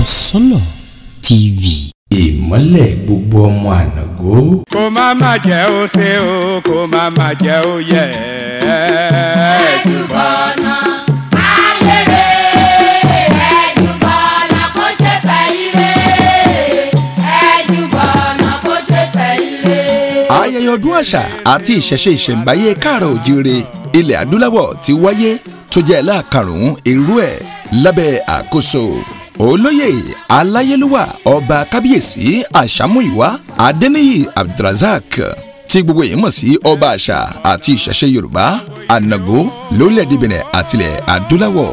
Ọ̀ṣọ́nà TV. ìmọ́lẹ̀ gbogbo ọmọ ànàgó. kó má má jẹ́ ó ṣe o kó má má jẹ́ ó yẹ ẹ́. ẹ̀dùbọ̀ náà. ayẹyẹ ọdún àṣà àti ìṣẹ̀ṣe ìṣẹ̀ǹbáyé káàrọ̀ òjíire ilẹ̀ adúláwọ̀ ti wáyé tó jẹ́ ẹ̀là karùn irú ẹ̀ lábẹ́ àkóso olóyè aláyélúwà ọba kábíyèsí àṣàmúyíwá adéníyì abdulrasaq tí gbogbo èèyàn mọ̀ sí ọba àṣà àti ìṣẹ̀ṣe yorùbá ànàgó lórílẹ̀‐èdè bẹ̀nẹ̀ àtilẹ̀ adúláwọ̀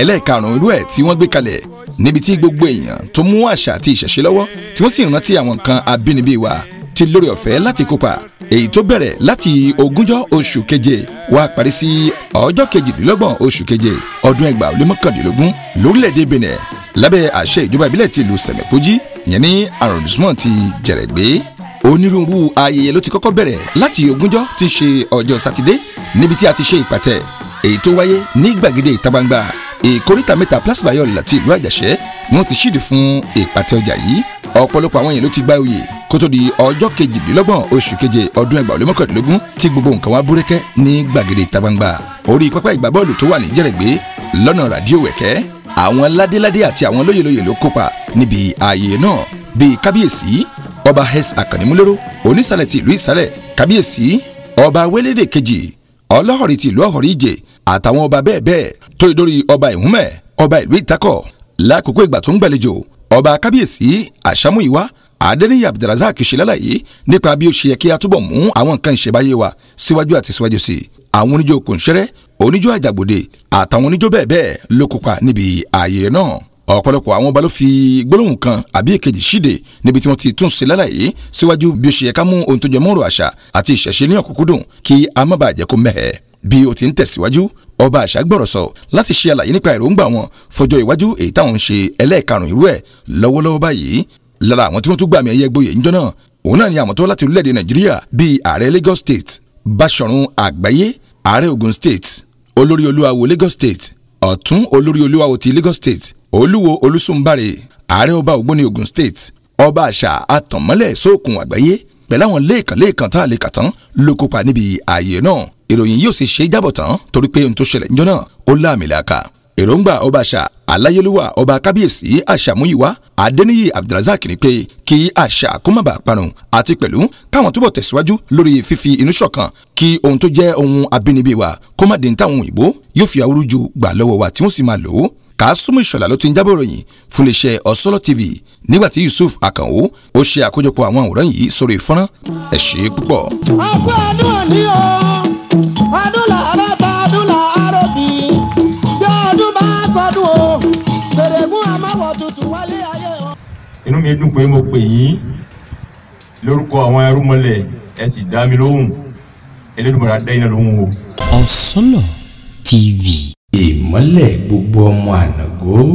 ẹlẹ́ẹ̀karùn-ún irú ẹ̀ tí wọ́n gbé kalẹ̀ níbi tí gbogbo èèyàn tó mú àṣà àti ìṣẹ̀ṣe lọ́wọ́ tí wọ́n sì rántí àwọn nǹkan abínibí wa ti lórí ọ̀fẹ́ láti kópa èyí tó bẹ̀rẹ̀ láti ogúnjọ́ oṣù keje wá parí sí ọjọ́ kejìdínlọ́gbọ̀n oṣù keje ọdún ẹgbàá ó mọ́kàndínlógún lórílẹ̀‐èdè bẹ̀nẹ̀ lábẹ́ àṣẹ ìjọba ìbílẹ̀ ti ìlú sẹ̀mẹ̀pọ́jì ìyẹn ní arrondissement ti jẹ̀rẹ̀gbé onírúurú ayẹyẹ ló ti kọ́kọ́ bẹ̀rẹ̀ láti ogúnjọ́ ti ṣe ọjọ́ sátidé níbi tí a ti ṣe ìpàtẹ èyí tó wáyé ní gbàgede ìta gbangba mẹ́ta Place Bayol láti ìlú àjàṣẹ́ ni wọ́n ti ṣíde fún ìpàtẹ ọjà yìí ọ̀pọ̀lọpọ̀ àwọn èèyàn ló ti gba oyè kó tó di ọjọ́ kejìdínlọ́gbọ̀n oṣù keje ọdún ẹgbàá olómọkàndínlógún tí gbogbo nǹkan wá búrẹ́kẹ́ ní gbàgede ìta gbangba orí pápá ìgbàbọ́ọ̀lù tó wà ní jẹ̀rẹ̀gbé lọ́nà ràdíò wẹ̀kẹ́ àwọn ládéládé àti àwọn lóyèlóyè ló kópa níbi ààyè náà bíi kábíyèsí ọba hes akànnímúlérò onísàlẹ̀ ti ìlú ìsàlẹ̀ kábíyèsí ọba wélédè kejì ọlọ́họ̀rí ti ìlú ọ̀họ̀rí ìjẹ àtàwọn ọba bẹ́ẹ̀ bẹ́ẹ̀ tó ìdórí ọba ìhúnmẹ̀ ọba ìlú ìtakọ̀ lákòókò ìgbà tó ń gbàlejò ọba kábíyèsí àṣàmúyíwá adẹ́niyí abdulrasaq ṣe lálàyé nípa bí ó ṣe yẹ kí a túbọ̀ mú àwọn nǹkan ìṣẹ̀báyé wa síwájú àti síwájú sí i àwọn oníjó kòńṣẹ́rẹ́ oníjó àjàgbòde àtàwọn oníjó bẹ́ẹ̀ bẹ́ẹ̀ ló kópa níbi ààyè náà ọ̀pọ̀lọpọ̀ àwọn ọba ló fi gbólóhùn kan àbí èkejì ṣíde níbi tí wọ́n ti tún ṣe lálàyé síwájú bí ó ṣe yẹ ká mú ohun tó jẹ mọ́rọ̀ àṣà àti ìṣẹ̀ṣe ní ọ̀kúnkúndùn kí a má bàa jẹ́ kó mẹ́hẹ̀. bí ó ti ń tẹ̀síwájú ọba àṣà gbọ́rọ̀ sọ láti ṣe àlàyé nípa èròǹgbà wọn fọjọ́ iwájú èyí táwọn ń ṣe ẹlẹ́ẹ̀karùn-ún irú ẹ̀ lọ́wọ́lọ́wọ́ báyìí lára àwọn tí wọ́n tún gbàmì ẹ̀yẹ gboyè níjọ́ náà òun náà ni àwọn tó láti orílẹ̀-èdè nàìjíríà bíi ààrẹ Lagos State Báṣọ̀run Àgbáyé ààrẹ Ogun State olórí olúwawo Lagos State ọ̀tún olórí olúwawo ti Lagos State olúwo Olúsùnbàrè ààrẹ ọba Ògbóni Ogun State ọba àṣà àtànmọ́lẹ̀ sóòkùn àgbáyé pẹ̀lú àwọn lẹ́ẹ̀kan lẹ́ẹ̀kan tá a lè kà tán ló kópa níbi ààyè náà ìròyìn yóò sì ṣe é jábọ̀ tán torí pé ohun tó ṣẹlẹ̀ níjọ́ náà ó láàmì làákà èròǹgbà ọba àṣà aláyélúwà ọba kábíyèsí àṣàmúyíwá adéníyì abdulrasaq ni pé kí àṣà kó má bàa parun àti pẹ̀lú káwọn túbọ̀ tẹ̀síwájú lórí fífi inú ṣọ̀kan kí ohun tó jẹ́ ohun abínibí wa kó má di ní táwọn òyìnbó yóò fi àwúrú ju gbà lọ́wọ́ wa tí wọ́n sì máa lò ó Kásùmù Ìṣọ̀lá ló ti ń jábọ̀ ròyìn fún iléeṣẹ́ Ọ̀sọ́lọ́ TV nígbàtí Yusuf Àkànwó ó ṣe àkójọpọ̀ àwọn àwòrán yìí sórí fọ́nrán ẹ ṣé púpọ̀. ọ̀pọ̀ àdúrà ni ó. inú mi dùn pé mo pè yín lórúkọ àwọn ẹrúmọlẹ̀ ẹ sì dá mi lóhùn Elédùmarè á náà lóhùn o. Ọ̀sánlọ̀ TV ìmọ́lẹ̀ gbogbo ọmọ ànàgó.